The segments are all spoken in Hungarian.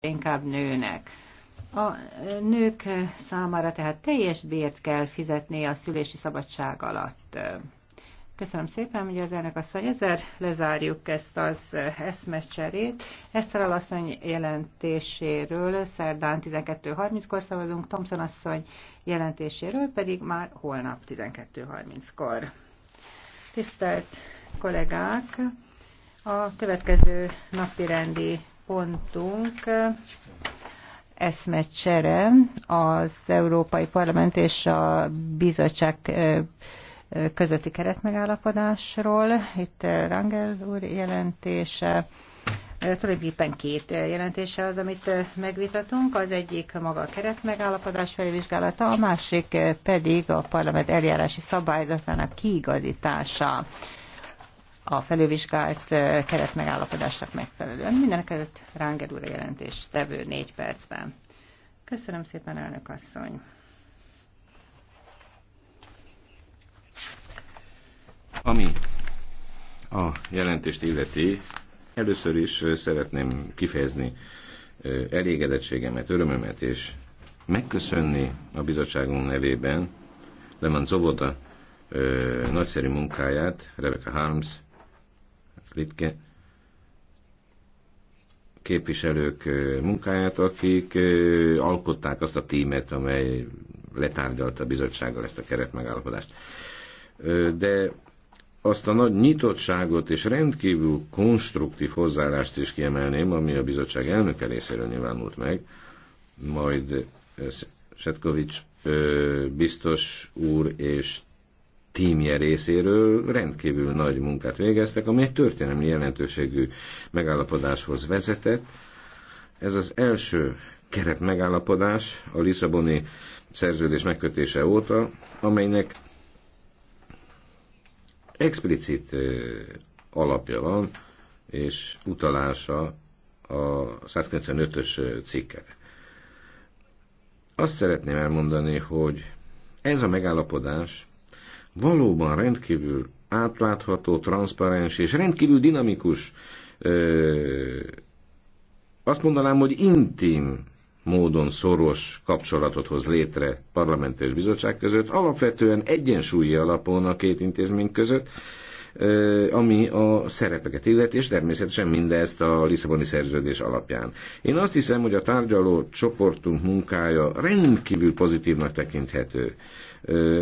inkább nőnek. A nők számára tehát teljes bért kell fizetni a szülési szabadság alatt. Köszönöm szépen, hogy az elnök asszony, ezzel lezárjuk ezt az eszmecserét. a asszony jelentéséről szerdán 12.30-kor szavazunk, Thomson asszony jelentéséről pedig már holnap 12.30-kor. Tisztelt kollégák! A következő napi rendi pontunk eszmecsere az Európai Parlament és a Bizottság közötti keretmegállapodásról. Itt Rangel úr jelentése. Tulajdonképpen két jelentése az, amit megvitatunk. Az egyik maga a keretmegállapodás felvizsgálata, a másik pedig a parlament eljárási szabályzatának kiigazítása a felülvizsgált keretmegállapodásnak megfelelően. Mindenek előtt Ránger úr a jelentés tevő négy percben. Köszönöm szépen, elnök asszony! Ami a jelentést illeti, először is szeretném kifejezni elégedettségemet, örömömet, és megköszönni a bizottságunk nevében Leman Zoboda nagyszerű munkáját, Rebecca Harms Kripke képviselők munkáját, akik alkották azt a tímet, amely letárgyalta a bizottsággal ezt a keretmegállapodást. De azt a nagy nyitottságot és rendkívül konstruktív hozzáállást is kiemelném, ami a bizottság elnöke részéről nyilvánult meg, majd Setkovics biztos úr és tímje részéről rendkívül nagy munkát végeztek, ami egy történelmi jelentőségű megállapodáshoz vezetett. Ez az első keret megállapodás a Lisszaboni szerződés megkötése óta, amelynek explicit alapja van, és utalása a 195-ös cikke. Azt szeretném elmondani, hogy ez a megállapodás valóban rendkívül átlátható, transzparens és rendkívül dinamikus, ö, azt mondanám, hogy intim módon szoros kapcsolatot hoz létre parlament és bizottság között, alapvetően egyensúlyi alapon a két intézmény között, ami a szerepeket illeti, és természetesen mindezt a Lisszaboni szerződés alapján. Én azt hiszem, hogy a tárgyaló csoportunk munkája rendkívül pozitívnak tekinthető.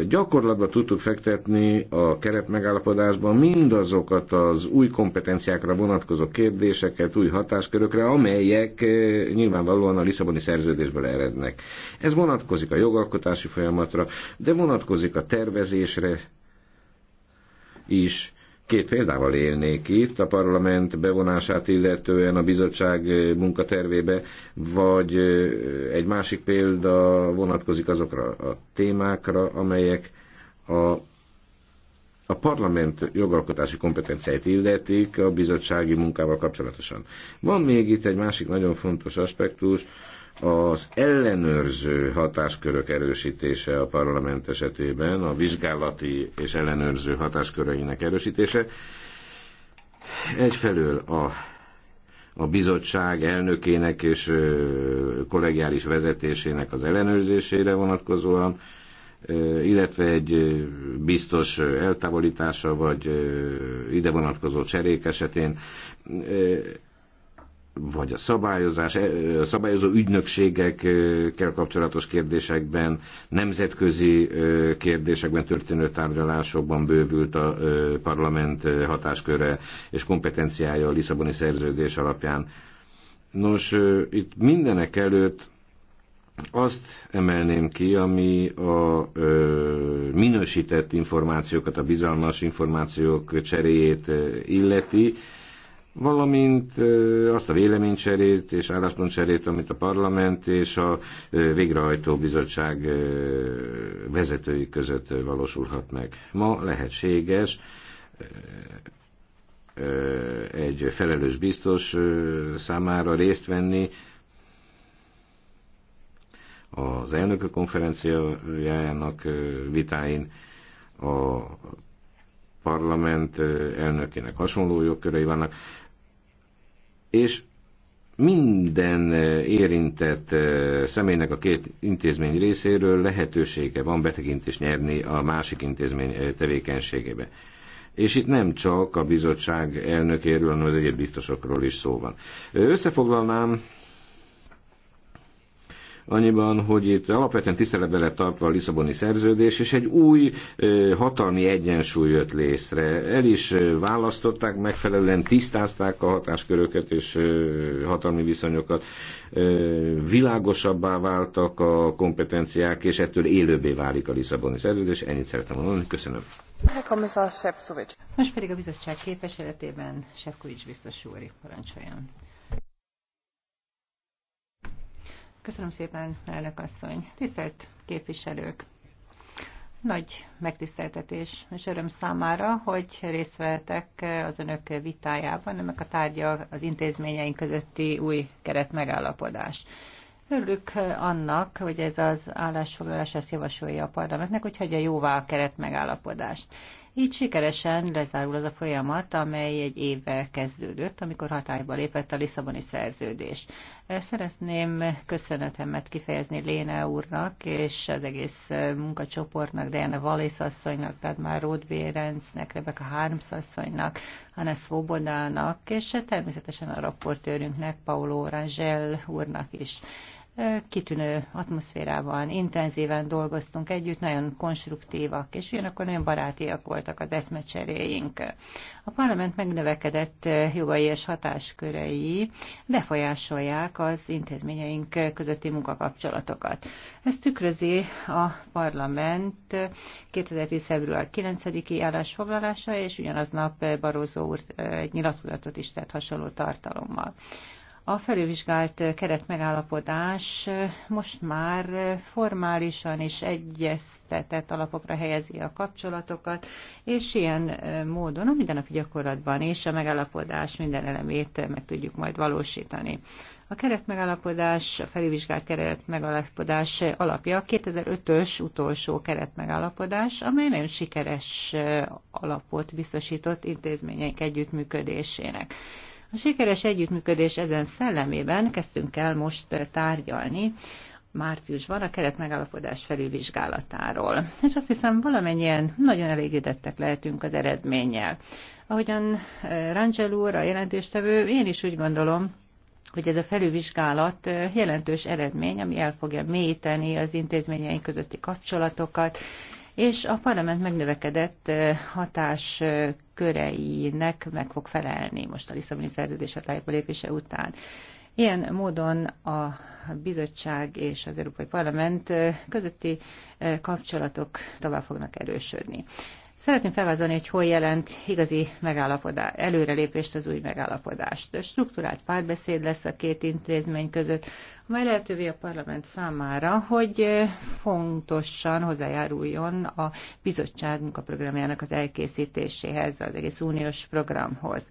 Gyakorlatban tudtuk fektetni a keret megállapodásban mindazokat az új kompetenciákra vonatkozó kérdéseket, új hatáskörökre, amelyek nyilvánvalóan a Lisszaboni szerződésből erednek. Ez vonatkozik a jogalkotási folyamatra, de vonatkozik a tervezésre is, Két példával élnék itt, a parlament bevonását illetően a bizottság munkatervébe, vagy egy másik példa vonatkozik azokra a témákra, amelyek a a parlament jogalkotási kompetenciáit illetik a bizottsági munkával kapcsolatosan. Van még itt egy másik nagyon fontos aspektus, az ellenőrző hatáskörök erősítése a parlament esetében, a vizsgálati és ellenőrző hatásköreinek erősítése, egyfelől a, a bizottság elnökének és kollegiális vezetésének az ellenőrzésére vonatkozóan, illetve egy biztos eltávolítása vagy ide vonatkozó cserék esetén vagy a szabályozás, e, a szabályozó ügynökségekkel kapcsolatos kérdésekben, nemzetközi e, kérdésekben történő tárgyalásokban bővült a e, parlament hatásköre és kompetenciája a Lisszaboni szerződés alapján. Nos, itt mindenek előtt azt emelném ki, ami a ö, minősített információkat, a bizalmas információk cseréjét illeti, valamint azt a véleménycserét és álláspontcserét, amit a parlament és a végrehajtó bizottság vezetői között valósulhat meg. Ma lehetséges egy felelős biztos számára részt venni az elnök konferenciájának vitáin a parlament elnökének hasonló jogkörei vannak és minden eh, érintett eh, személynek a két intézmény részéről lehetősége van betekintést nyerni a másik intézmény eh, tevékenységébe. És itt nem csak a bizottság elnökéről, hanem az egyéb biztosokról is szó van. Összefoglalnám annyiban, hogy itt alapvetően tiszteletben lett tartva a Lisszaboni szerződés, és egy új hatalmi egyensúly jött létre. El is választották, megfelelően tisztázták a hatásköröket és hatalmi viszonyokat, világosabbá váltak a kompetenciák, és ettől élőbbé válik a Lisszaboni szerződés. Ennyit szeretem mondani, köszönöm. Most pedig a bizottság képviseletében Sefcovics biztos úr parancsoljon. Köszönöm szépen, elnök asszony. Tisztelt képviselők! Nagy megtiszteltetés és öröm számára, hogy részt vehetek az önök vitájában, ennek a tárgya az intézményeink közötti új keret megállapodás. Örülök annak, hogy ez az állásfoglalás ezt javasolja a parlamentnek, hogy hagyja jóvá a keret megállapodást. Így sikeresen lezárul az a folyamat, amely egy évvel kezdődött, amikor hatályba lépett a Lisszaboni szerződés. Szeretném köszönetemet kifejezni Léne úrnak és az egész munkacsoportnak, Diana Wallis asszonynak, már Roth Bérencnek, Rebecca Harms asszonynak, Anna Svobodának, és természetesen a raportőrünknek, Paulo Rangel úrnak is kitűnő atmoszférában, intenzíven dolgoztunk együtt, nagyon konstruktívak, és ugyanakkor nagyon barátiak voltak az eszmecseréink. A parlament megnövekedett jogai és hatáskörei befolyásolják az intézményeink közötti munkakapcsolatokat. Ez tükrözi a parlament 2010. február 9-i állásfoglalása, és ugyanaznap Barózó úr nyilatkozatot is tett hasonló tartalommal. A felülvizsgált keretmegállapodás most már formálisan és egyeztetett alapokra helyezi a kapcsolatokat, és ilyen módon a mindennapi gyakorlatban és a megállapodás minden elemét meg tudjuk majd valósítani. A keretmegállapodás, a felülvizsgált keretmegállapodás alapja a 2005-ös utolsó keretmegállapodás, amely nagyon sikeres alapot biztosított intézményeink együttműködésének. A sikeres együttműködés ezen szellemében kezdtünk el most tárgyalni márciusban a keret megállapodás felülvizsgálatáról. És azt hiszem valamennyien nagyon elégedettek lehetünk az eredménnyel. Ahogyan eh, Rangel úr, a jelentéstevő, én is úgy gondolom, hogy ez a felülvizsgálat eh, jelentős eredmény, ami el fogja mélyíteni az intézményeink közötti kapcsolatokat, és a parlament megnövekedett hatás köreinek meg fog felelni most a Lisszaboni szerződés hatályba lépése után. Ilyen módon a bizottság és az Európai Parlament közötti kapcsolatok tovább fognak erősödni. Szeretném felvázolni, hogy hol jelent igazi megállapodás, előrelépést az új megállapodást. a Struktúrált párbeszéd lesz a két intézmény között, amely lehetővé a parlament számára, hogy fontosan hozzájáruljon a bizottság munkaprogramjának az elkészítéséhez, az egész uniós programhoz.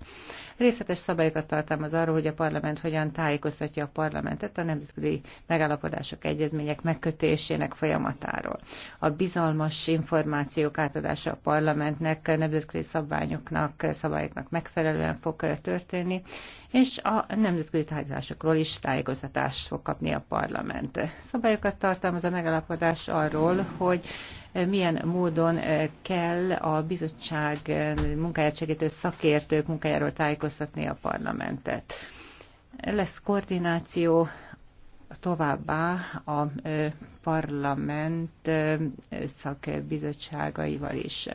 Részletes szabályokat tartalmaz arról, hogy a parlament hogyan tájékoztatja a parlamentet a nemzetközi megállapodások, egyezmények megkötésének folyamatáról. A bizalmas információk átadása a parlamentnek, a nemzetközi szabványoknak, szabályoknak megfelelően fog történni, és a nemzetközi tájékozásokról is tájékoztatást fog kapni a parlament. Szabályokat tartalmaz a megállapodás arról, hogy milyen módon eh, kell a bizottság eh, munkáját segítő szakértők munkájáról tájékoztatni a parlamentet. Lesz koordináció továbbá a eh, parlament szakbizottságaival is.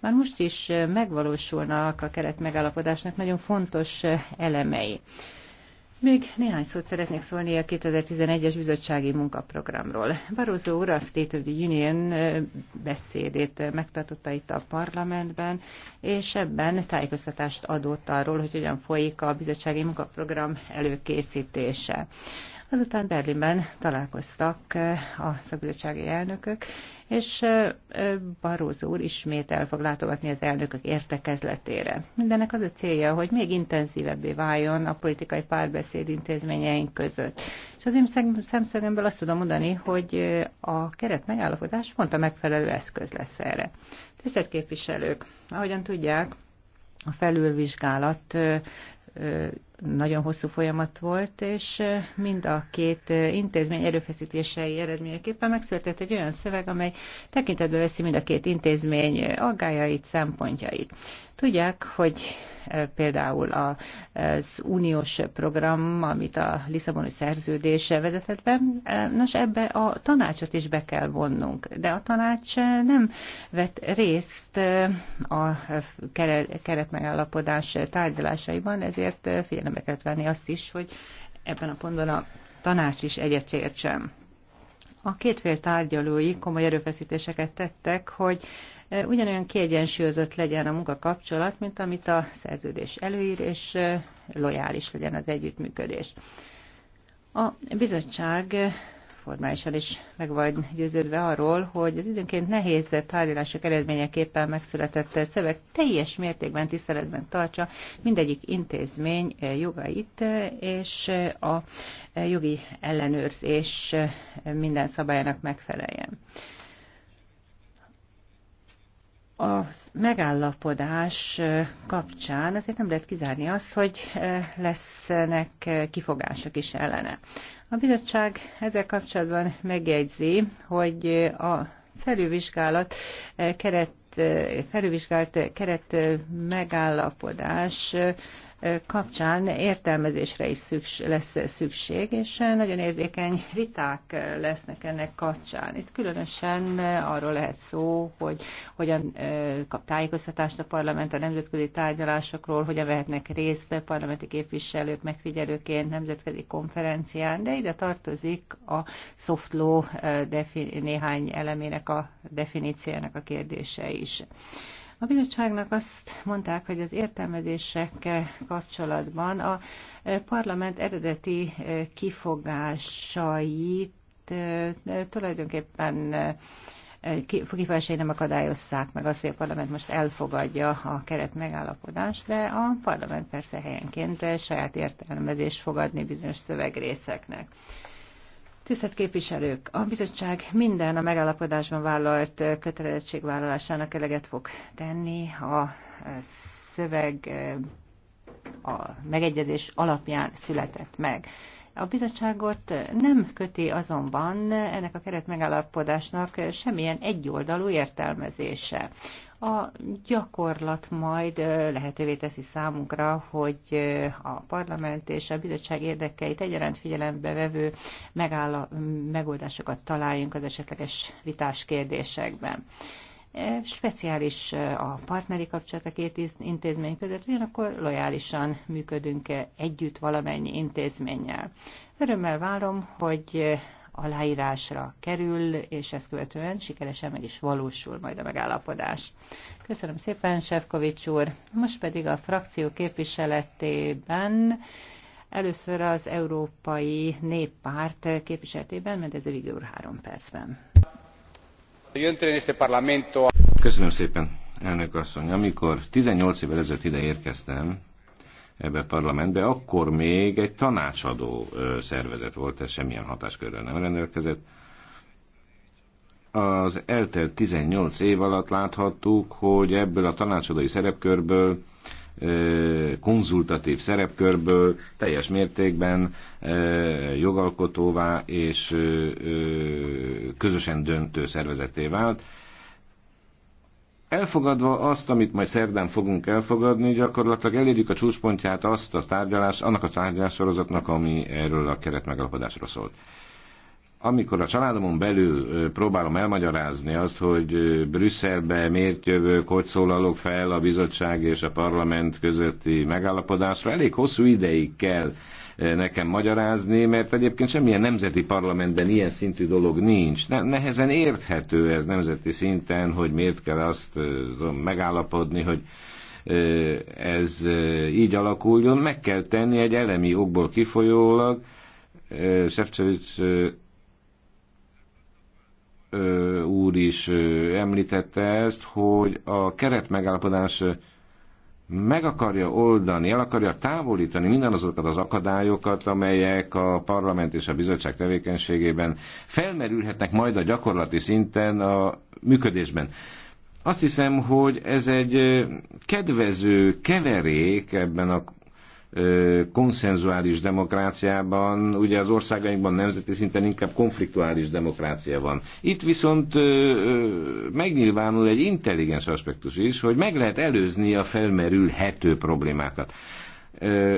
Már most is megvalósulnak a keret megállapodásnak nagyon fontos elemei. Még néhány szót szeretnék szólni a 2011-es bizottsági munkaprogramról. Barroso úr a State of the Union beszédét megtartotta itt a parlamentben, és ebben tájékoztatást adott arról, hogy hogyan folyik a bizottsági munkaprogram előkészítése. Azután Berlinben találkoztak a szakbizottsági elnökök, és Barózó úr ismét el fog látogatni az elnökök értekezletére. Mindennek az a célja, hogy még intenzívebbé váljon a politikai párbeszéd intézményeink között. És az én szemszögemből azt tudom mondani, hogy a keret megállapodás pont a megfelelő eszköz lesz erre. Tisztelt képviselők, ahogyan tudják, a felülvizsgálat nagyon hosszú folyamat volt, és mind a két intézmény erőfeszítései eredményeképpen megszületett egy olyan szöveg, amely tekintetbe veszi mind a két intézmény aggájait, szempontjait. Tudják, hogy például az uniós program, amit a Lisszaboni szerződés vezetett be. Nos, ebbe a tanácsot is be kell vonnunk, de a tanács nem vett részt a keretmegállapodás tárgyalásaiban, ezért figyelembe kellett venni azt is, hogy ebben a pontban a tanács is egyetértsem. A két fél tárgyalói komoly erőfeszítéseket tettek, hogy ugyanolyan kiegyensúlyozott legyen a munkakapcsolat, mint amit a szerződés előír, és lojális legyen az együttműködés. A bizottság formálisan is meg vagy győződve arról, hogy az időnként nehéz tárgyalások eredményeképpen megszületett szöveg teljes mértékben tiszteletben tartsa mindegyik intézmény jogait és a jogi ellenőrzés minden szabályának megfeleljen a megállapodás kapcsán azért nem lehet kizárni azt, hogy lesznek kifogások is ellene. A bizottság ezzel kapcsolatban megjegyzi, hogy a felülvizsgálat keret felülvizsgált keret megállapodás kapcsán értelmezésre is szüks, lesz szükség, és nagyon érzékeny viták lesznek ennek kapcsán. Itt különösen arról lehet szó, hogy hogyan kap tájékoztatást a parlament a nemzetközi tárgyalásokról, hogyan vehetnek részt a parlamenti képviselők megfigyelőként nemzetközi konferencián, de ide tartozik a soft law néhány elemének a definíciának a kérdése is. A bizottságnak azt mondták, hogy az értelmezésekkel kapcsolatban a e, parlament eredeti e, kifogásait e, tulajdonképpen kifogásai nem akadályozzák meg azt, hogy a parlament most elfogadja a keret megállapodást, de a parlament persze helyenként saját értelmezés fogadni bizonyos szövegrészeknek. Tisztelt képviselők, a bizottság minden a megállapodásban vállalt kötelezettségvállalásának eleget fog tenni a szöveg a megegyezés alapján született meg. A bizottságot nem köti azonban ennek a keret megállapodásnak semmilyen egyoldalú értelmezése. A gyakorlat majd lehetővé teszi számunkra, hogy a parlament és a bizottság érdekeit egyaránt figyelembe vevő megoldásokat találjunk az esetleges vitás kérdésekben speciális a partneri kapcsolat a két intézmény között, ugyanakkor lojálisan működünk együtt valamennyi intézménnyel. Örömmel várom, hogy aláírásra kerül, és ezt követően sikeresen meg is valósul majd a megállapodás. Köszönöm szépen, Sefkovics úr. Most pedig a frakció képviseletében először az Európai Néppárt képviseletében, mert ez a videó három percben. Köszönöm szépen, elnök asszony. Amikor 18 évvel ezelőtt ide érkeztem, ebbe a parlamentbe, akkor még egy tanácsadó szervezet volt, ez semmilyen hatáskörrel nem rendelkezett. Az eltelt 18 év alatt láthattuk, hogy ebből a tanácsadói szerepkörből konzultatív szerepkörből teljes mértékben jogalkotóvá és közösen döntő szervezeté vált. Elfogadva azt, amit majd szerdán fogunk elfogadni, gyakorlatilag elérjük a csúcspontját azt a tárgyalás, annak a tárgyalássorozatnak, ami erről a keretmegalapodásról szólt amikor a családomon belül próbálom elmagyarázni azt, hogy Brüsszelbe miért jövök, hogy szólalok fel a bizottság és a parlament közötti megállapodásra, elég hosszú ideig kell nekem magyarázni, mert egyébként semmilyen nemzeti parlamentben ilyen szintű dolog nincs. Ne, nehezen érthető ez nemzeti szinten, hogy miért kell azt megállapodni, hogy ez így alakuljon. Meg kell tenni egy elemi okból kifolyólag, Sefcsevics úr is említette ezt, hogy a keretmegállapodás meg akarja oldani, el akarja távolítani azokat az akadályokat, amelyek a parlament és a bizottság tevékenységében felmerülhetnek majd a gyakorlati szinten a működésben. Azt hiszem, hogy ez egy kedvező keverék ebben a konszenzuális demokráciában, ugye az országainkban nemzeti szinten inkább konfliktuális demokrácia van. Itt viszont megnyilvánul egy intelligens aspektus is, hogy meg lehet előzni a felmerülhető problémákat.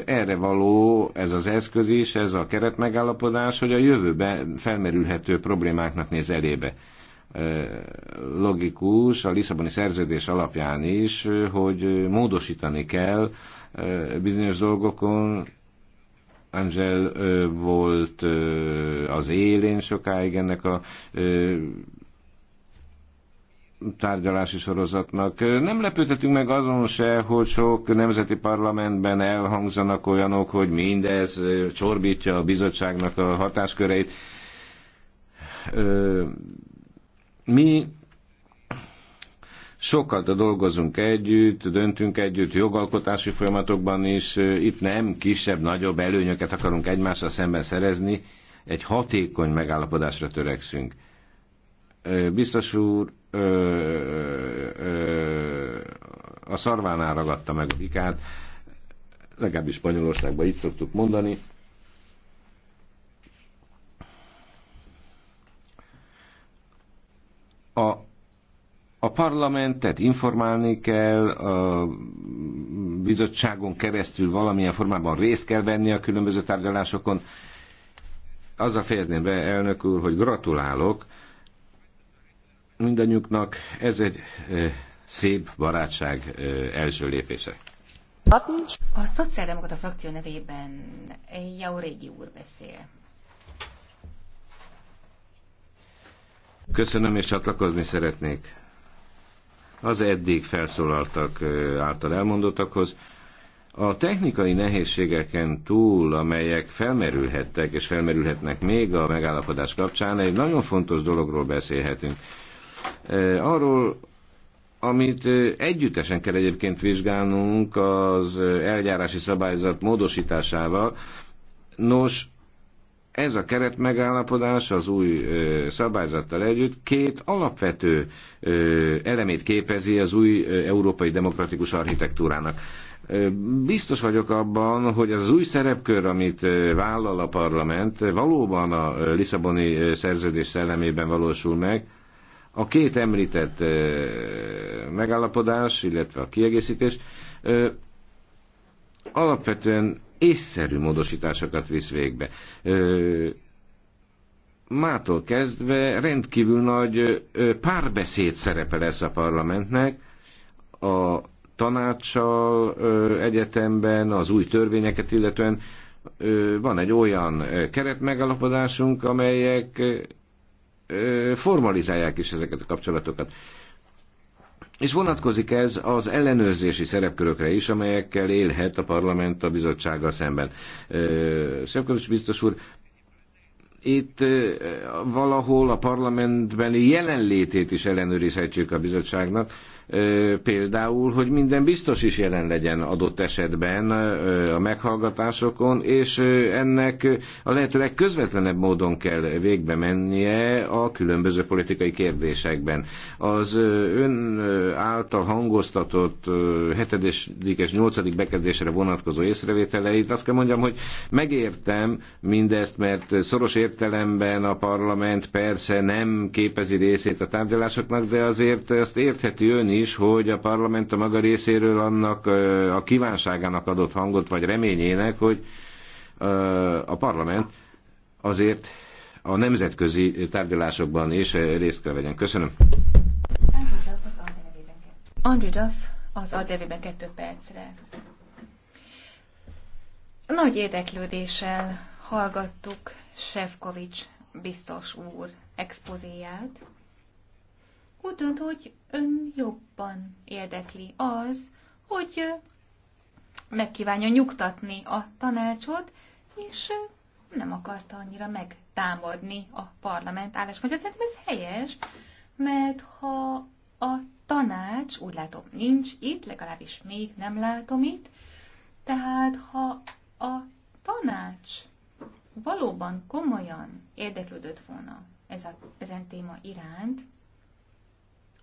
Erre való ez az eszköz is, ez a keretmegállapodás, hogy a jövőben felmerülhető problémáknak néz elébe logikus a Lisszaboni szerződés alapján is, hogy módosítani kell bizonyos dolgokon. Angel volt az élén sokáig ennek a tárgyalási sorozatnak. Nem lepődhetünk meg azon se, hogy sok nemzeti parlamentben elhangzanak olyanok, hogy mindez csorbítja a bizottságnak a hatásköreit mi sokat dolgozunk együtt, döntünk együtt jogalkotási folyamatokban is, itt nem kisebb, nagyobb előnyöket akarunk egymással szemben szerezni, egy hatékony megállapodásra törekszünk. Biztos úr ö, ö, a szarvánál ragadta meg a vikát, legalábbis Spanyolországban így szoktuk mondani, A, a parlamentet informálni kell, a bizottságon keresztül valamilyen formában részt kell venni a különböző tárgyalásokon. Azzal fejezném be, elnök úr, hogy gratulálok mindannyiuknak. Ez egy szép barátság első lépése. A szociáldemokrata frakció nevében Jauregi úr beszél. Köszönöm, és csatlakozni szeretnék az eddig felszólaltak által elmondottakhoz. A technikai nehézségeken túl, amelyek felmerülhettek és felmerülhetnek még a megállapodás kapcsán, egy nagyon fontos dologról beszélhetünk. Arról, amit együttesen kell egyébként vizsgálnunk az eljárási szabályzat módosításával. Nos, ez a keret megállapodás az új szabályzattal együtt két alapvető elemét képezi az új európai demokratikus architektúrának. Biztos vagyok abban, hogy az új szerepkör, amit vállal a parlament, valóban a Lisszaboni szerződés szellemében valósul meg. A két említett megállapodás, illetve a kiegészítés alapvetően észszerű módosításokat visz végbe. Mától kezdve rendkívül nagy párbeszéd szerepe lesz a parlamentnek a tanácssal egyetemben, az új törvényeket illetően van egy olyan keretmegalapodásunk, amelyek formalizálják is ezeket a kapcsolatokat. És vonatkozik ez az ellenőrzési szerepkörökre is, amelyekkel élhet a parlament a bizottsággal szemben. Sefkovics biztos úr, itt valahol a parlamentben jelenlétét is ellenőrizhetjük a bizottságnak, például, hogy minden biztos is jelen legyen adott esetben a meghallgatásokon, és ennek a lehető legközvetlenebb módon kell végbe mennie a különböző politikai kérdésekben. Az ön által hangoztatott 7. és 8. bekezdésre vonatkozó észrevételeit azt kell mondjam, hogy megértem mindezt, mert szoros értelemben a parlament persze nem képezi részét a tárgyalásoknak, de azért ezt értheti ön is, is, hogy a parlament a maga részéről annak a kívánságának adott hangot, vagy reményének, hogy a parlament azért a nemzetközi tárgyalásokban is részt kell vegyen. Köszönöm. Andrew Duff az ADV-ben kettő percre. Nagy érdeklődéssel hallgattuk Sefkovics biztos úr expozéját, úgy dönt, hogy ön jobban érdekli az, hogy megkívánja nyugtatni a tanácsot, és nem akarta annyira megtámadni a parlament álláspontját. Szerintem ez helyes, mert ha a tanács, úgy látom, nincs itt, legalábbis még nem látom itt, tehát ha a tanács valóban komolyan érdeklődött volna ez a, ezen téma iránt,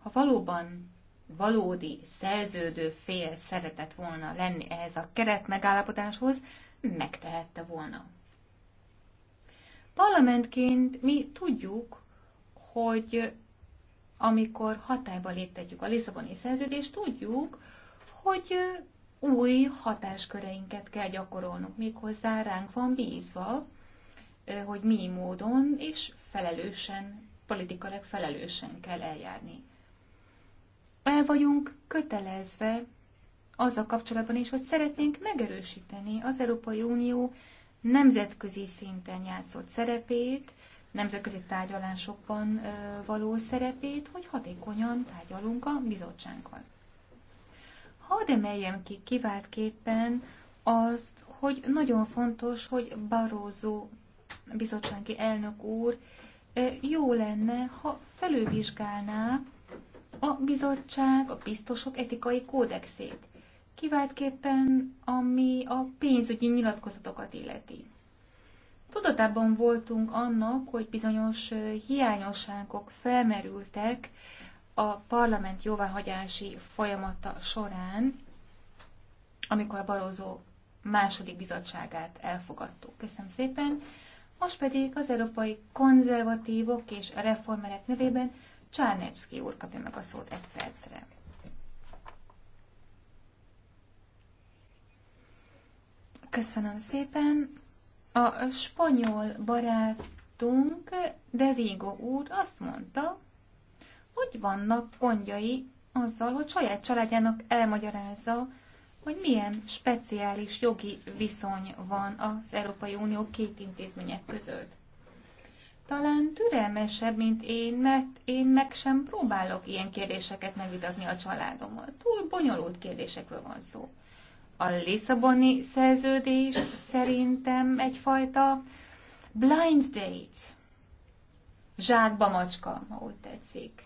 ha valóban valódi szerződő fél szeretett volna lenni ehhez a keret megállapodáshoz, megtehette volna. Parlamentként mi tudjuk, hogy amikor hatályba léptetjük a Lisszaboni szerződést, tudjuk, hogy új hatásköreinket kell gyakorolnunk, méghozzá ránk van bízva, hogy mi módon és felelősen, politikailag felelősen kell eljárni el vagyunk kötelezve az a kapcsolatban is, hogy szeretnénk megerősíteni az Európai Unió nemzetközi szinten játszott szerepét, nemzetközi tárgyalásokban való szerepét, hogy hatékonyan tárgyalunk a bizottsággal. Hadd emeljem ki kiváltképpen azt, hogy nagyon fontos, hogy Barózó bizottsági elnök úr jó lenne, ha felülvizsgálná a bizottság, a biztosok etikai kódexét, kiváltképpen ami a pénzügyi nyilatkozatokat illeti. Tudatában voltunk annak, hogy bizonyos hiányosságok felmerültek a parlament jóváhagyási folyamata során, amikor a Barózó második bizottságát elfogadtuk. Köszönöm szépen! Most pedig az európai konzervatívok és reformerek nevében Csárnecki úr kapja meg a szót egy percre. Köszönöm szépen. A spanyol barátunk De Vigo úr azt mondta, hogy vannak gondjai azzal, hogy saját családjának elmagyarázza, hogy milyen speciális jogi viszony van az Európai Unió két intézmények között talán türelmesebb, mint én, mert én meg sem próbálok ilyen kérdéseket megvitatni a családommal. Túl bonyolult kérdésekről van szó. A Lisszaboni szerződés szerintem egyfajta blind date. Zsákba macska, ha úgy tetszik.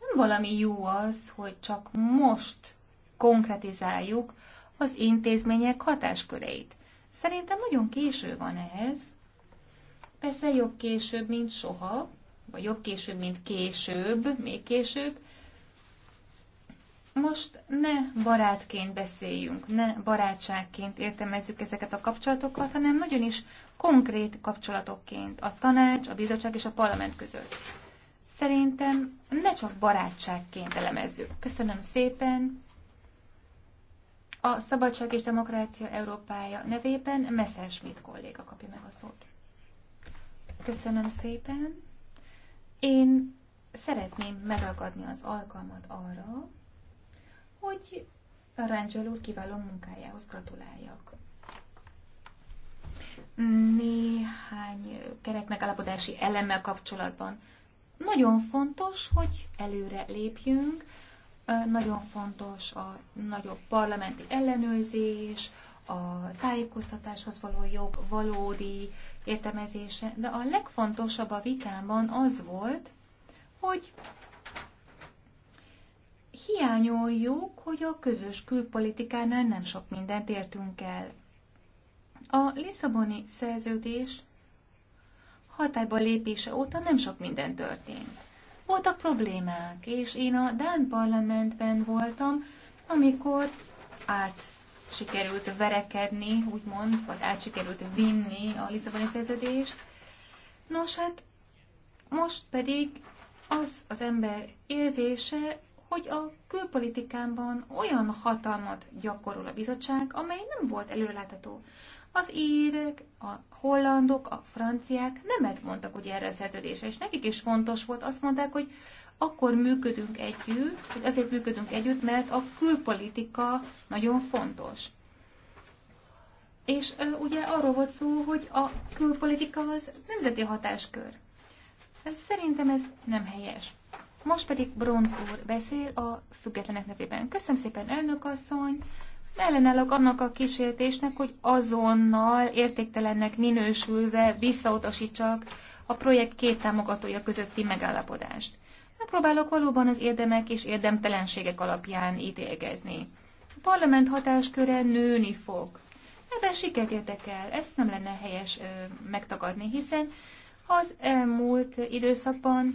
Nem valami jó az, hogy csak most konkretizáljuk az intézmények hatásköreit. Szerintem nagyon késő van ehhez, Persze jobb később, mint soha, vagy jobb később, mint később, még később. Most ne barátként beszéljünk, ne barátságként értelmezzük ezeket a kapcsolatokat, hanem nagyon is konkrét kapcsolatokként a tanács, a bizottság és a parlament között. Szerintem ne csak barátságként elemezzük. Köszönöm szépen! A Szabadság és Demokrácia Európája nevében Messerschmidt kolléga kapja meg a szót. Köszönöm szépen. Én szeretném megragadni az alkalmat arra, hogy a Rangel úr kiváló munkájához gratuláljak. Néhány megalapodási elemmel kapcsolatban nagyon fontos, hogy előre lépjünk, nagyon fontos a nagyobb parlamenti ellenőrzés, a tájékoztatáshoz való jog valódi értelmezése, de a legfontosabb a vitában az volt, hogy hiányoljuk, hogy a közös külpolitikánál nem sok mindent értünk el. A Lisszaboni szerződés hatályba lépése óta nem sok minden történt. Voltak problémák, és én a Dán parlamentben voltam, amikor át sikerült verekedni, úgymond, vagy át sikerült vinni a Lisszaboni szerződést. Nos, hát most pedig az az ember érzése, hogy a külpolitikában olyan hatalmat gyakorol a bizottság, amely nem volt előrelátható. Az írek, a hollandok, a franciák nemet mondtak ugye erre a szerződésre, és nekik is fontos volt, azt mondták, hogy akkor működünk együtt, hogy azért működünk együtt, mert a külpolitika nagyon fontos. És ugye arról volt szó, hogy a külpolitika az nemzeti hatáskör. Szerintem ez nem helyes. Most pedig Bronz úr beszél a függetlenek nevében. Köszönöm szépen, elnök asszony! Ellenállok annak a kísértésnek, hogy azonnal értéktelennek minősülve visszautasítsak a projekt két támogatója közötti megállapodást. Megpróbálok valóban az érdemek és érdemtelenségek alapján ítélkezni. A parlament hatásköre nőni fog. Ebben sikert értek el, ezt nem lenne helyes ö, megtagadni, hiszen az elmúlt időszakban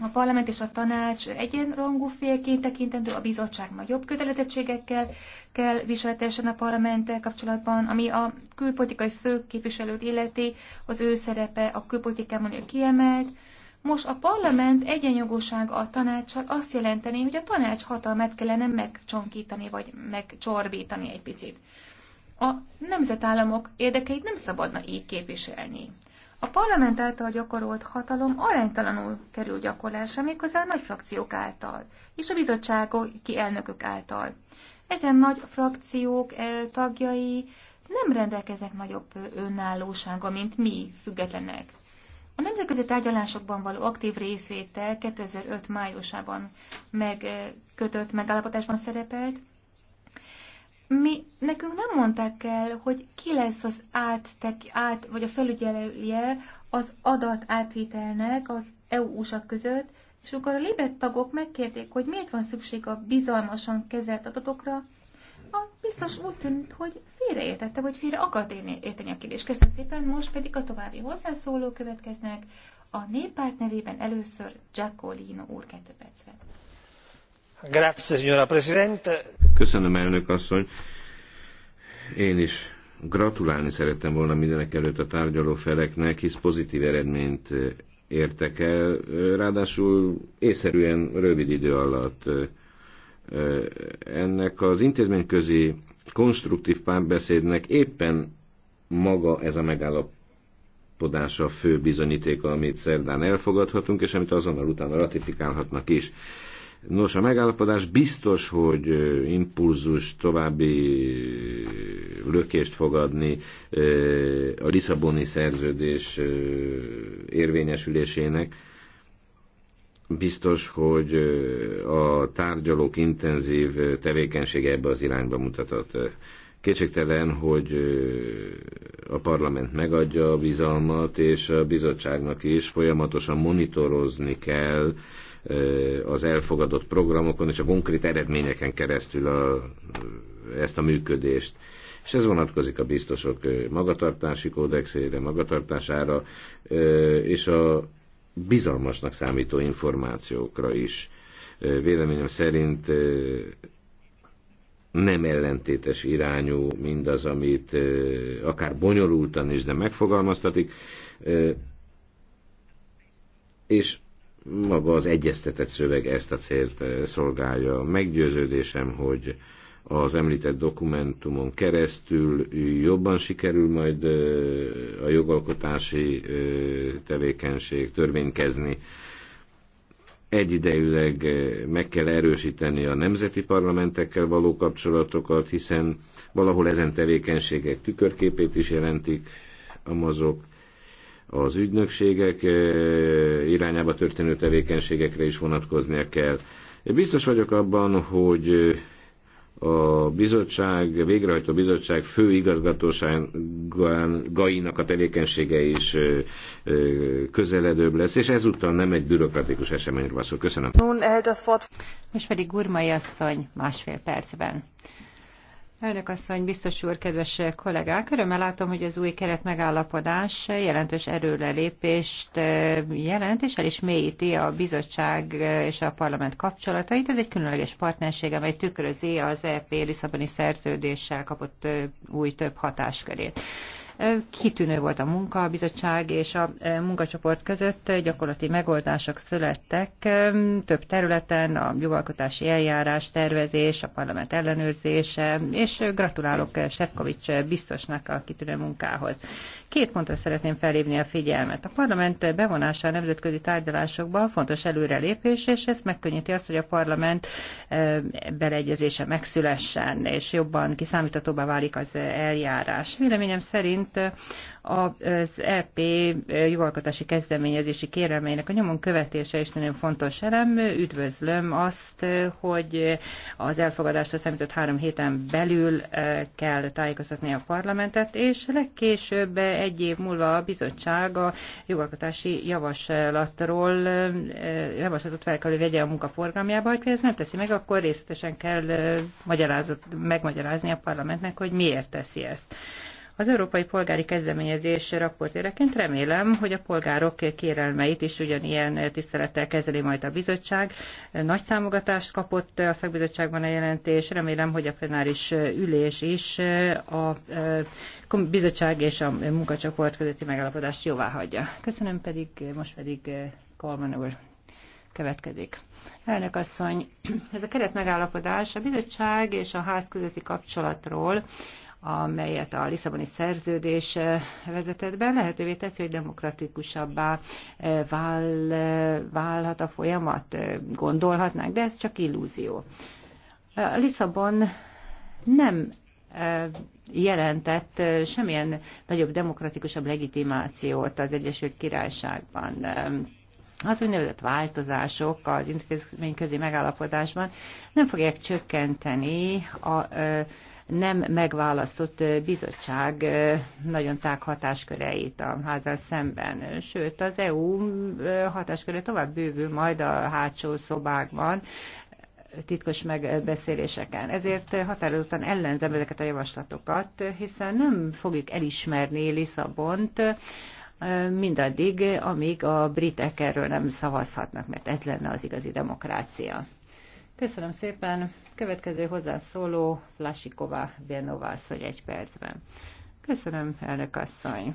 a parlament és a tanács egyenrangú félként tekintendő, a bizottság nagyobb kötelezettségekkel kell viseltessen a parlamenttel kapcsolatban, ami a külpolitikai főképviselőt illeti, az ő szerepe a külpolitikában kiemelt, most a parlament egyenjogúság a tanácsal azt jelenteni, hogy a tanács hatalmát kellene megcsonkítani, vagy megcsorbítani egy picit. A nemzetállamok érdekeit nem szabadna így képviselni. A parlament által gyakorolt hatalom aránytalanul kerül gyakorlásra, méghozzá nagy frakciók által, és a bizottságok elnökök által. Ezen nagy frakciók eh, tagjai nem rendelkeznek nagyobb önállósága, mint mi, függetlenek. A nemzetközi tárgyalásokban való aktív részvétel 2005 májusában megkötött megállapotásban szerepelt. Mi, nekünk nem mondták el, hogy ki lesz az áttek, át, vagy a felügyelője az adat átvételnek az EU-USA között, és amikor a lébett tagok megkérték, hogy miért van szükség a bizalmasan kezelt adatokra, biztos úgy tűnt, hogy félreértette, vagy félre akart érteni a kérdést. Köszönöm szépen, most pedig a további hozzászólók következnek. A néppárt nevében először Giacolino úr kettő percre. Grazie, signora Presidente. Köszönöm, elnök asszony. Én is gratulálni szerettem volna mindenek előtt a tárgyaló feleknek, hisz pozitív eredményt eh, értek el, ráadásul észszerűen rövid idő alatt eh, ennek az intézményközi konstruktív párbeszédnek éppen maga ez a megállapodása a fő bizonyítéka, amit szerdán elfogadhatunk, és amit azonnal utána ratifikálhatnak is. Nos, a megállapodás biztos, hogy impulzus, további lökést fogadni a Lisszaboni szerződés érvényesülésének, biztos, hogy a tárgyalók intenzív tevékenysége ebbe az irányba mutatott. Kétségtelen, hogy a parlament megadja a bizalmat, és a bizottságnak is folyamatosan monitorozni kell az elfogadott programokon és a konkrét eredményeken keresztül a, ezt a működést és ez vonatkozik a biztosok magatartási kódexére, magatartására, és a bizalmasnak számító információkra is. Véleményem szerint nem ellentétes irányú mindaz, amit akár bonyolultan is, de megfogalmaztatik, és maga az egyeztetett szöveg ezt a célt szolgálja. Meggyőződésem, hogy az említett dokumentumon keresztül jobban sikerül majd a jogalkotási tevékenység törvénykezni. Egyidejűleg meg kell erősíteni a nemzeti parlamentekkel való kapcsolatokat, hiszen valahol ezen tevékenységek tükörképét is jelentik amazok, az ügynökségek irányába történő tevékenységekre is vonatkoznia kell. Biztos vagyok abban, hogy a bizottság, végrehajtó bizottság fő főigazgatóságainak a tevékenysége is közeledőbb lesz, és ezúttal nem egy bürokratikus eseményről van szó. Köszönöm. Most pedig Gurmai asszony másfél percben. Elnök asszony, biztos úr, kedves kollégák! Örömmel látom, hogy az új keret megállapodás jelentős erőlelépést jelent, és el is mélyíti a bizottság és a parlament kapcsolatait. Ez egy különleges partnerség, amely tükrözi az EP Lisszaboni szerződéssel kapott új több hatáskörét. Kitűnő volt a munka, a bizottság és a munkacsoport között gyakorlati megoldások születtek több területen, a jogalkotási eljárás, tervezés, a parlament ellenőrzése, és gratulálok Sefkovics biztosnak a kitűnő munkához. Két pontra szeretném felhívni a figyelmet. A parlament bevonása a nemzetközi tárgyalásokba fontos előrelépés, és ez megkönnyíti azt, hogy a parlament beleegyezése megszülessen, és jobban kiszámíthatóbbá válik az eljárás. Véleményem szerint szerint az EP jogalkotási kezdeményezési kérelmeinek a nyomon követése is nagyon fontos elem. Üdvözlöm azt, hogy az elfogadásra számított három héten belül eh, kell tájékoztatni a parlamentet, és legkésőbb egy év múlva a bizottság a jogalkotási javaslatról eh, javaslatot fel kell, hogy vegye a munkaforgalmjába, hogy ez nem teszi meg, akkor részletesen kell eh, megmagyarázni a parlamentnek, hogy miért teszi ezt. Az Európai Polgári Kezdeményezés raportéreként remélem, hogy a polgárok kérelmeit is ugyanilyen tisztelettel kezeli majd a bizottság. Nagy támogatást kapott a szakbizottságban a jelentés, remélem, hogy a plenáris ülés is a e, bizottság és a munkacsoport közötti megállapodást jóvá hagyja. Köszönöm pedig, most pedig Kalman úr következik. Elnök asszony, ez a megállapodás a bizottság és a ház közötti kapcsolatról amelyet a Lisszaboni szerződés eh, vezetett be, lehetővé teszi, hogy demokratikusabbá eh, vál, eh, válhat a folyamat, gondolhatnánk, de ez csak illúzió. A Lisszabon nem jelentett semmilyen nagyobb demokratikusabb legitimációt az Egyesült Királyságban. Az úgynevezett változások az intézményközi megállapodásban nem fogják csökkenteni a, a nem megválasztott bizottság nagyon tág hatásköreit a házal szemben. Sőt, az EU hatásköre tovább bővül majd a hátsó szobákban, titkos megbeszéléseken. Ezért határozottan ellenzem ezeket a javaslatokat, hiszen nem fogjuk elismerni Lisszabont, mindaddig, amíg a britek erről nem szavazhatnak, mert ez lenne az igazi demokrácia. Köszönöm szépen. Következő hozzászóló Flasikova Bielovászony egy percben. Köszönöm, elnök asszony.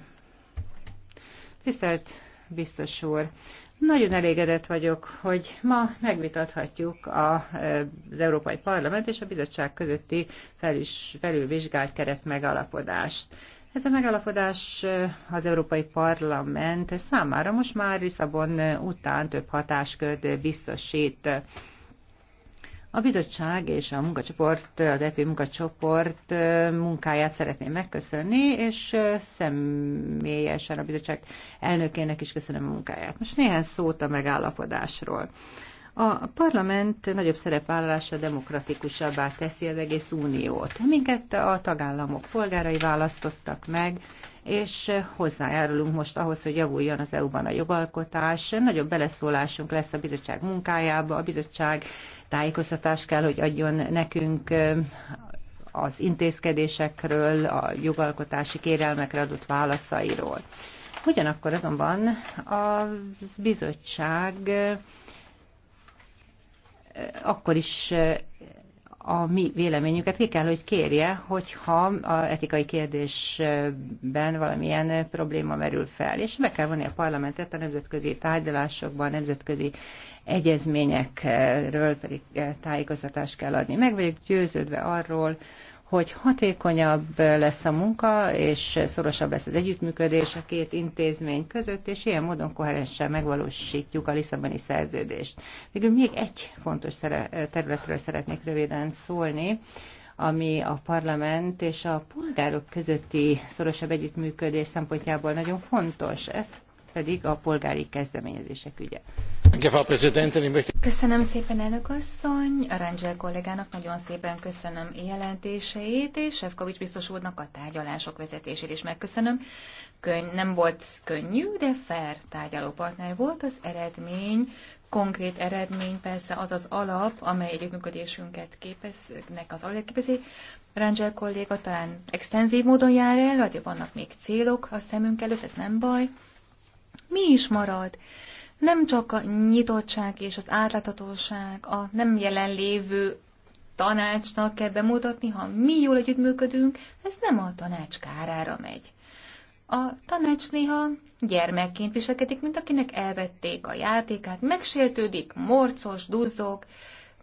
Tisztelt biztos úr, nagyon elégedett vagyok, hogy ma megvitathatjuk az Európai Parlament és a Bizottság közötti felüls, felülvizsgált keret megalapodást. Ez a megalapodás eh, az Európai Parlament számára most már Lisszabon után több hatáskört biztosít. A bizottság és a munkacsoport, az EP munkacsoport munkáját szeretném megköszönni, és személyesen a bizottság elnökének is köszönöm a munkáját. Most néhány szót a megállapodásról. A parlament nagyobb szerepvállalása demokratikusabbá teszi az egész uniót. Minket a tagállamok polgárai választottak meg, és hozzájárulunk most ahhoz, hogy javuljon az EU-ban a jogalkotás. Nagyobb beleszólásunk lesz a bizottság munkájába, a bizottság tájékoztatás kell, hogy adjon nekünk az intézkedésekről, a jogalkotási kérelmekre adott válaszairól. Ugyanakkor azonban a bizottság Eh, akkor is eh, a mi véleményünket ki kell, hogy kérje, hogyha a etikai kérdésben valamilyen probléma merül fel. És be kell vonni a parlamentet a nemzetközi tárgyalásokban, a nemzetközi egyezményekről pedig eh, tájékoztatást kell adni. Meg vagyok győződve arról, hogy hatékonyabb lesz a munka, és szorosabb lesz az együttműködés a két intézmény között, és ilyen módon koherensen megvalósítjuk a Lisszaboni szerződést. Végül még egy fontos területről szeretnék röviden szólni, ami a parlament és a polgárok közötti szorosabb együttműködés szempontjából nagyon fontos. Ez pedig a polgári kezdeményezések ügye. Köszönöm szépen, elnök asszony, a Rangel kollégának nagyon szépen köszönöm jelentéseit, és Sefkovics biztos úrnak a tárgyalások vezetését is megköszönöm. Kön- nem volt könnyű, de fair tárgyalópartner volt az eredmény, konkrét eredmény persze az az alap, amely együttműködésünket képeznek az alapképezi. Rangel kolléga talán extenzív módon jár el, vagy vannak még célok a szemünk előtt, ez nem baj mi is marad? Nem csak a nyitottság és az átláthatóság, a nem jelenlévő tanácsnak kell bemutatni, ha mi jól együttműködünk, ez nem a tanács kárára megy. A tanács néha gyermekként viselkedik, mint akinek elvették a játékát, megsértődik, morcos, duzzog,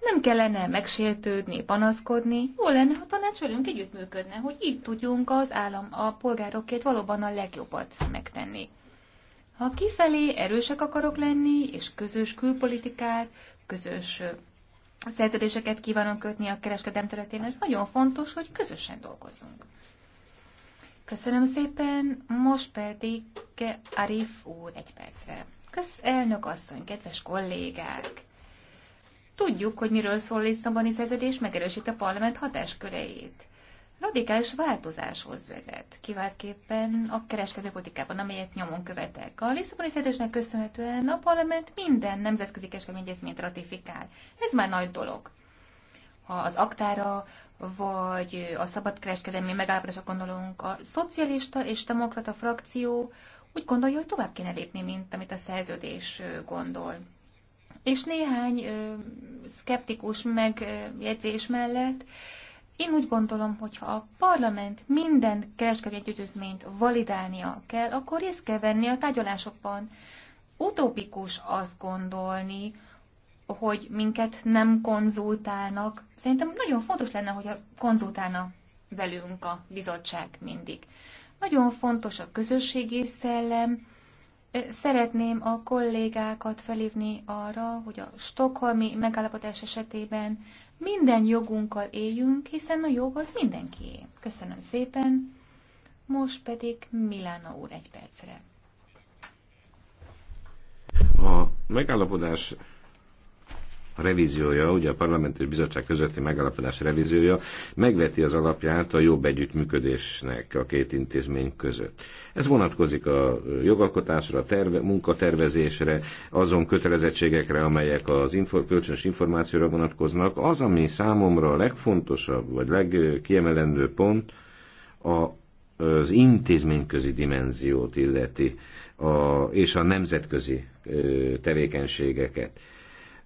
nem kellene megsértődni, panaszkodni, jó lenne, ha tanács velünk együttműködne, hogy így tudjunk az állam a polgárokért valóban a legjobbat megtenni. Ha kifelé erősek akarok lenni, és közös külpolitikát, közös szerződéseket kívánunk kötni a kereskedelem területén, ez nagyon fontos, hogy közösen dolgozzunk. Köszönöm szépen, most pedig Arif úr egy percre. Kösz, elnök asszony, kedves kollégák! Tudjuk, hogy miről szól Lisszaboni szerződés, megerősít a parlament hatásköreit radikális változáshoz vezet, kiváltképpen a kereskedelmi politikában, amelyet nyomon követek. A Lisszaboni szerződésnek köszönhetően a parlament minden nemzetközi kereskedelmi egyezményt ratifikál. Ez már nagy dolog. Ha az aktára vagy a szabadkereskedelmi megállapodásra gondolunk, a szocialista és demokrata frakció úgy gondolja, hogy tovább kéne lépni, mint amit a szerződés gondol. És néhány ö, szkeptikus megjegyzés mellett én úgy gondolom, hogy ha a parlament minden kereskedelmi együttözményt validálnia kell, akkor részt kell venni a tárgyalásokban. Utópikus azt gondolni, hogy minket nem konzultálnak. Szerintem nagyon fontos lenne, hogy a konzultálna velünk a bizottság mindig. Nagyon fontos a közösségi szellem. Szeretném a kollégákat felhívni arra, hogy a stokholmi megállapodás esetében minden jogunkkal éljünk, hiszen a jog az mindenkié. Köszönöm szépen, most pedig Milána úr egy percre. A megállapodás revíziója, ugye a parlament és bizottság közötti megállapodás revíziója megveti az alapját a jobb együttműködésnek a két intézmény között. Ez vonatkozik a jogalkotásra, a terve, munkatervezésre, azon kötelezettségekre, amelyek az infor, kölcsönös információra vonatkoznak. Az, ami számomra a legfontosabb, vagy legkiemelendő pont, a az intézményközi dimenziót illeti, a, és a nemzetközi ö, tevékenységeket.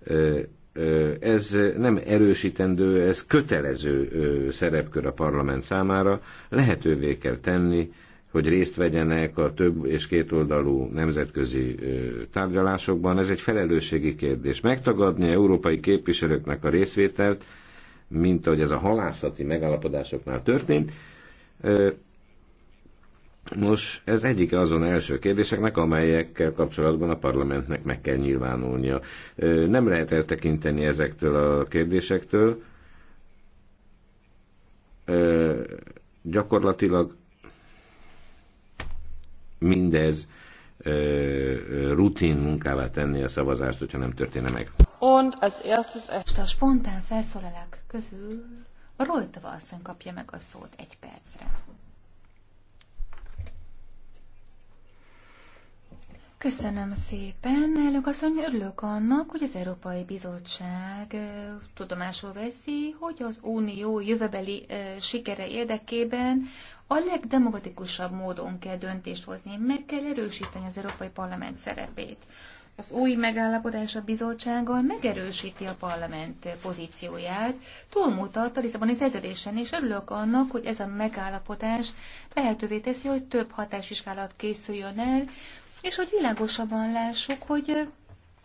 Ö, ez nem erősítendő, ez kötelező szerepkör a parlament számára. Lehetővé kell tenni, hogy részt vegyenek a több és kétoldalú nemzetközi tárgyalásokban. Ez egy felelősségi kérdés. Megtagadni a európai képviselőknek a részvételt, mint ahogy ez a halászati megállapodásoknál történt, Nos, ez egyike azon első kérdéseknek, amelyekkel kapcsolatban a parlamentnek meg kell nyilvánulnia. Nem lehet eltekinteni ezektől a kérdésektől. Gyakorlatilag mindez rutin munkává tenni a szavazást, hogyha nem történne meg. Und als erstes este a spontán felszólalák közül a Rojtava kapja meg a szót egy percre. Köszönöm szépen, elnök asszony, örülök annak, hogy az Európai Bizottság tudomásul veszi, hogy az Unió jövőbeli sikere érdekében a legdemokratikusabb módon kell döntést hozni, meg kell erősíteni az Európai Parlament szerepét. Az új megállapodás a bizottsággal megerősíti a parlament pozícióját, túlmutat a Lisszaboni szerződésen, és örülök annak, hogy ez a megállapodás lehetővé teszi, hogy több hatásvizsgálat készüljön el, és hogy világosabban lássuk, hogy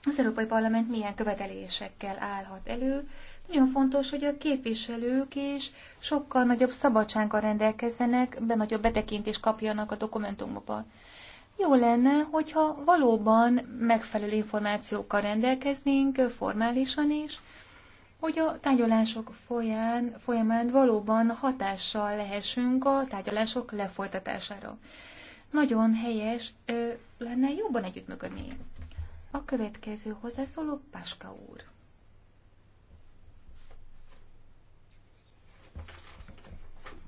az Európai Parlament milyen követelésekkel állhat elő. Nagyon fontos, hogy a képviselők is sokkal nagyobb szabadsággal rendelkezzenek, be nagyobb betekintést kapjanak a dokumentumokba. Jó lenne, hogyha valóban megfelelő információkkal rendelkeznénk, formálisan is, hogy a tárgyalások folyán, folyamán valóban hatással lehessünk a tárgyalások lefolytatására nagyon helyes ö, lenne jobban együttműködni. A következő hozzászóló Páska úr.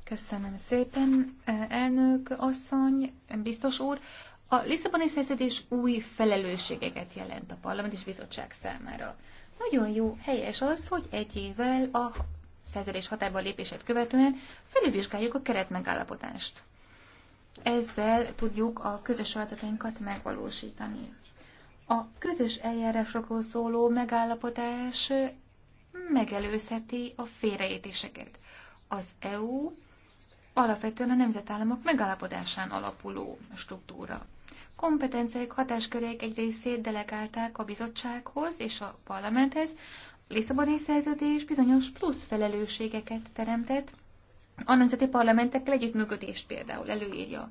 Köszönöm szépen, elnök asszony, biztos úr. A Lisszaboni szerződés új felelősségeket jelent a parlament és bizottság számára. Nagyon jó, helyes az, hogy egy évvel a szerződés hatályba lépését követően felülvizsgáljuk a keretmegállapotást ezzel tudjuk a közös feladatainkat megvalósítani. A közös eljárásokról szóló megállapodás megelőzheti a félreértéseket. Az EU alapvetően a nemzetállamok megállapodásán alapuló struktúra. Kompetenciák hatáskörék egy részét delegálták a bizottsághoz és a parlamenthez, a Lisszaboni szerződés bizonyos plusz felelősségeket teremtett, a nemzeti parlamentekkel együttműködést például előírja.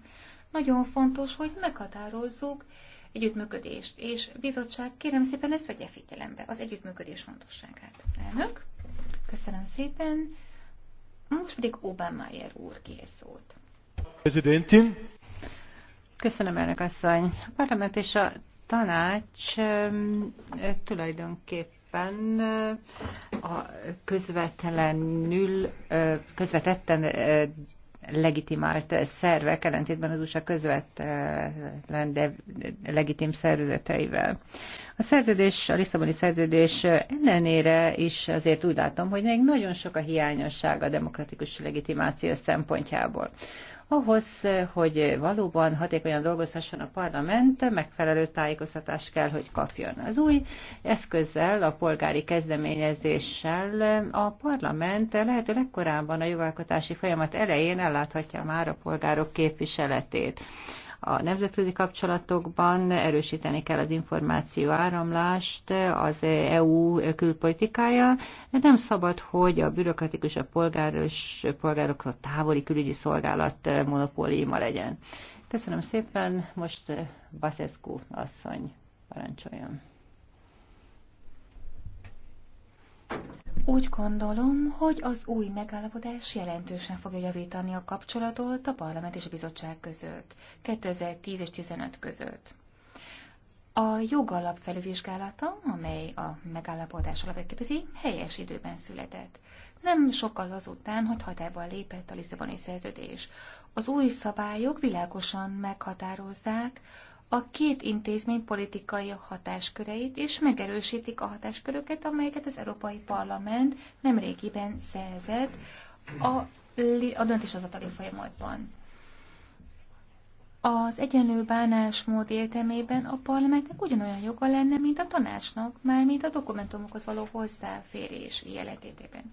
Nagyon fontos, hogy meghatározzuk együttműködést, és bizottság kérem szépen ezt vegye figyelembe, az együttműködés fontosságát. Elnök, köszönöm szépen. Most pedig Obama úr készült. szót. Köszönöm, elnök asszony. A parlament és a tanács tulajdonképpen tulajdonképpen eh, a közvetlenül, eh, közvetetten eh, legitimált szervek, ellentétben az USA közvetlen, de legitim szervezeteivel. A szerződés, a Lisszaboni szerződés ellenére is azért úgy látom, hogy még nagyon sok a hiányosság a demokratikus legitimáció szempontjából. Ahhoz, hogy valóban hatékonyan dolgozhasson a parlament, megfelelő tájékoztatást kell, hogy kapjon. Az új eszközzel, a polgári kezdeményezéssel a parlament lehető legkorábban a jogalkotási folyamat elején elláthatja már a polgárok képviseletét. A nemzetközi kapcsolatokban erősíteni kell az információ áramlást, az EU külpolitikája. Nem szabad, hogy a bürokratikus, a polgáros, polgároktól távoli külügyi szolgálat monopóliuma legyen. Köszönöm szépen, most Baszeszkó asszony parancsoljon. Úgy gondolom, hogy az új megállapodás jelentősen fogja javítani a kapcsolatot a parlament és a bizottság között, 2010 és 15 között. A jogalap felülvizsgálata, amely a megállapodás alapját képezi, helyes időben született. Nem sokkal azután, hogy hatályba lépett a Lisszaboni szerződés. Az új szabályok világosan meghatározzák, a két intézmény politikai hatásköreit, és megerősítik a hatásköröket, amelyeket az Európai Parlament nemrégiben szerzett a, a döntéshozatali folyamatban. Az egyenlő bánásmód értelmében a parlamentnek ugyanolyan joga lenne, mint a tanácsnak, mármint a dokumentumokhoz való hozzáférés jelentétében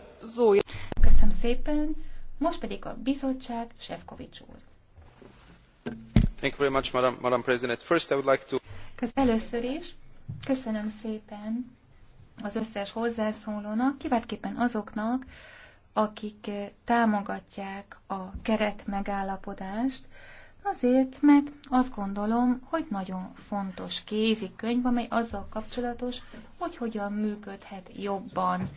Zója. Köszönöm szépen. Most pedig a bizottság, Sefkovics úr. Thank you very much, Madam, Madam President. First I would like to... Először is köszönöm szépen az összes hozzászólónak, kiváltképpen azoknak, akik eh, támogatják a keret megállapodást, Azért, mert azt gondolom, hogy nagyon fontos kézikönyv, amely azzal kapcsolatos, hogy hogyan működhet jobban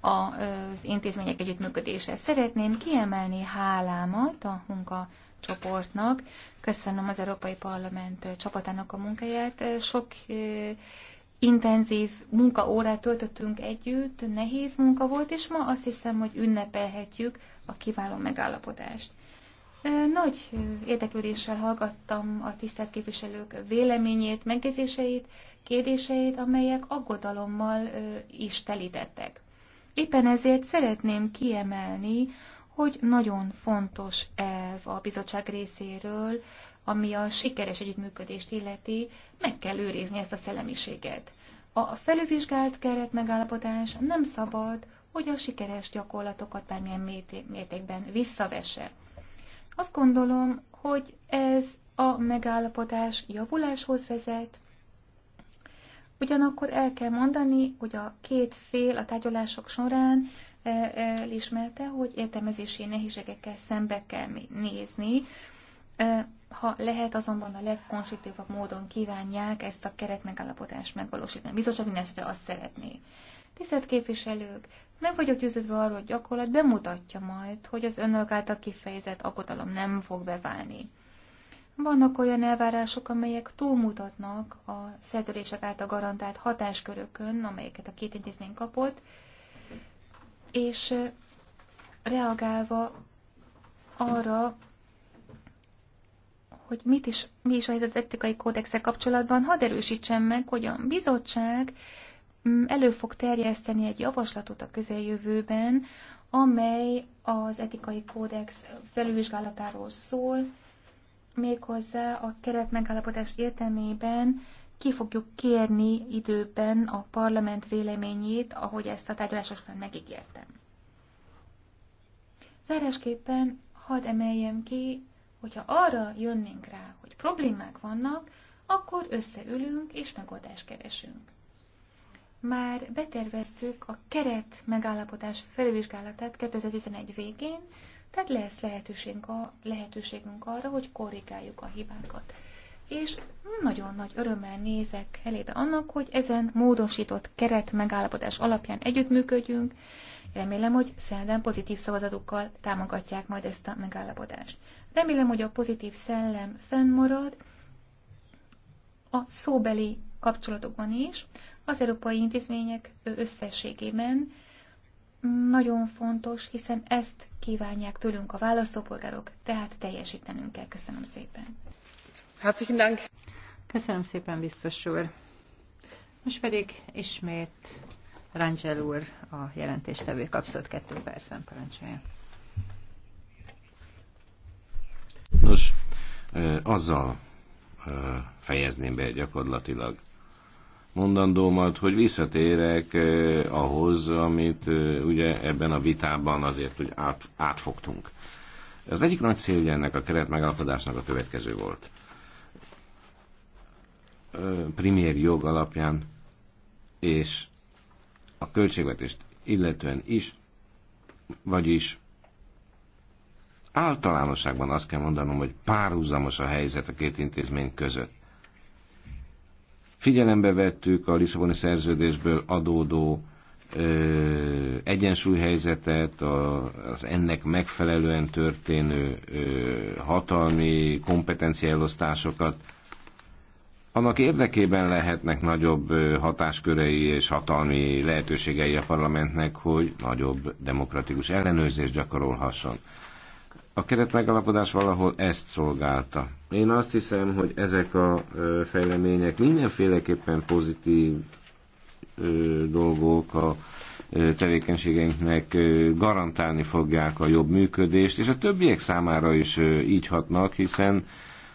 az intézmények együttműködése. Szeretném kiemelni hálámat a munka csoportnak, Köszönöm az Európai Parlament csapatának a munkáját. Sok eh, intenzív munkaórát töltöttünk együtt, nehéz munka volt, és ma azt hiszem, hogy ünnepelhetjük a kiváló megállapodást. Nagy érdeklődéssel hallgattam a tisztelt képviselők véleményét, megkezéseit, kérdéseit, amelyek aggodalommal is telítettek. Éppen ezért szeretném kiemelni, hogy nagyon fontos elv a bizottság részéről, ami a sikeres együttműködést illeti, meg kell őrizni ezt a szellemiséget. A felülvizsgált keret megállapodás nem szabad, hogy a sikeres gyakorlatokat bármilyen mértékben visszavesse. Azt gondolom, hogy ez a megállapodás javuláshoz vezet, Ugyanakkor el kell mondani, hogy a két fél a tárgyalások során eh, eh, elismerte, hogy értelmezési nehézségekkel szembe kell nézni. Eh, ha lehet, azonban a legkonstruktívabb módon kívánják ezt a keretmegállapodást megvalósítani. A bizottság minden azt szeretné. Tisztelt képviselők, meg vagyok győződve arról, hogy gyakorlat bemutatja majd, hogy az önök által kifejezett aggodalom nem fog beválni. Vannak olyan elvárások, amelyek túlmutatnak a szerződések által garantált hatáskörökön, amelyeket a két intézmény kapott, és reagálva arra, hogy mit is, mi is az etikai kódexek kapcsolatban, hadd erősítsem meg, hogy a bizottság Mm, elő fog terjeszteni egy javaslatot a közeljövőben, amely az etikai kódex felülvizsgálatáról szól, méghozzá a keretmegállapodás értelmében ki fogjuk kérni időben a parlament véleményét, ahogy ezt a tárgyalásosan megígértem. Zárásképpen hadd emeljem ki, hogyha arra jönnénk rá, hogy problémák vannak, akkor összeülünk és megoldást keresünk már beterveztük a keret megállapodás felülvizsgálatát 2011 végén, tehát lesz lehetőségünk, a, lehetőségünk arra, hogy korrigáljuk a hibákat. És nagyon nagy örömmel nézek elébe annak, hogy ezen módosított keret megállapodás alapján együttműködjünk. Remélem, hogy szerdán pozitív szavazatukkal támogatják majd ezt a megállapodást. Remélem, hogy a pozitív szellem fennmarad a szóbeli kapcsolatokban is, az európai intézmények összességében nagyon fontos, hiszen ezt kívánják tőlünk a választópolgárok, tehát teljesítenünk kell. Köszönöm szépen. Herzlichen Dank. Köszönöm szépen, biztos úr. Most pedig ismét Rangel úr a jelentéstevő kapszott kettő percen parancsolja. Nos, azzal fejezném be gyakorlatilag mondandómat, hogy visszatérek eh, ahhoz, amit eh, ugye ebben a vitában azért hogy át, átfogtunk. Az egyik nagy célja ennek a keret megalapodásnak a következő volt. Eh, Primér jog alapján és a költségvetést illetően is, vagyis általánosságban azt kell mondanom, hogy párhuzamos a helyzet a két intézmény között Figyelembe vettük a Lisszaboni szerződésből adódó ö, egyensúlyhelyzetet, a, az ennek megfelelően történő ö, hatalmi kompetenciálosztásokat. Annak érdekében lehetnek nagyobb hatáskörei és hatalmi lehetőségei a parlamentnek, hogy nagyobb demokratikus ellenőrzést gyakorolhasson a keretmegalapodás valahol ezt szolgálta. Én azt hiszem, hogy ezek a fejlemények mindenféleképpen pozitív dolgok a tevékenységeinknek garantálni fogják a jobb működést, és a többiek számára is így hatnak, hiszen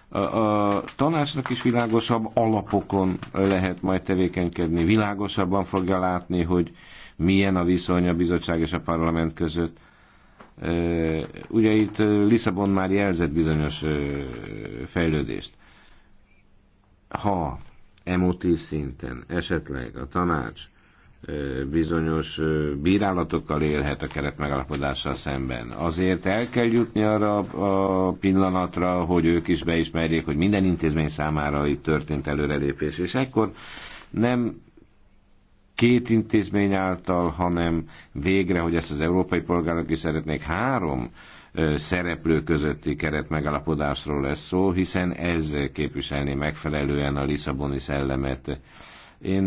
a, a tanácsnak is világosabb alapokon lehet majd tevékenykedni, világosabban fogja látni, hogy milyen a viszony a bizottság és a parlament között Ugye itt Lisszabon már jelzett bizonyos fejlődést. Ha emotív szinten esetleg a tanács bizonyos bírálatokkal élhet a keret megalapodással szemben. Azért el kell jutni arra a pillanatra, hogy ők is beismerjék, hogy minden intézmény számára itt történt előrelépés, és ekkor nem két intézmény által, hanem végre, hogy ezt az európai polgárok is szeretnék, három szereplő közötti keret megalapodásról lesz szó, hiszen ez képviselni megfelelően a Lisszaboni szellemet. Én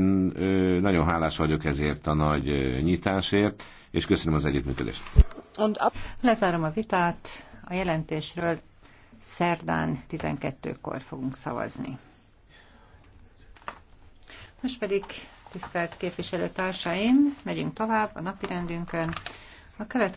nagyon hálás vagyok ezért a nagy nyitásért, és köszönöm az együttműködést. Lezárom a vitát a jelentésről. Szerdán 12-kor fogunk szavazni. Most pedig Tisztelt képviselőtársaim, megyünk tovább a napirendünkön. A következő